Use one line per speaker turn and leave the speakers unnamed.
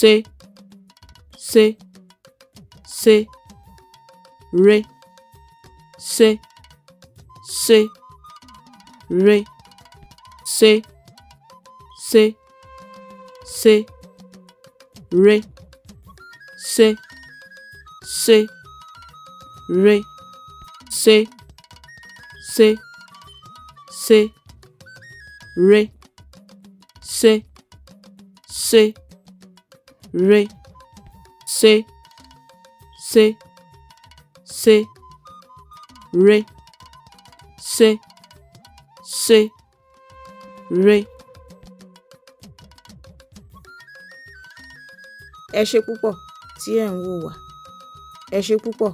C, C, C, Re, C, C, Re, C, C, C, Re, C, C, Re, C, C, C, Re, C, C, re se se se re se se
re. ẹ ṣé púpọ̀ tí ẹ̀ ń wò wá ẹ ṣé púpọ̀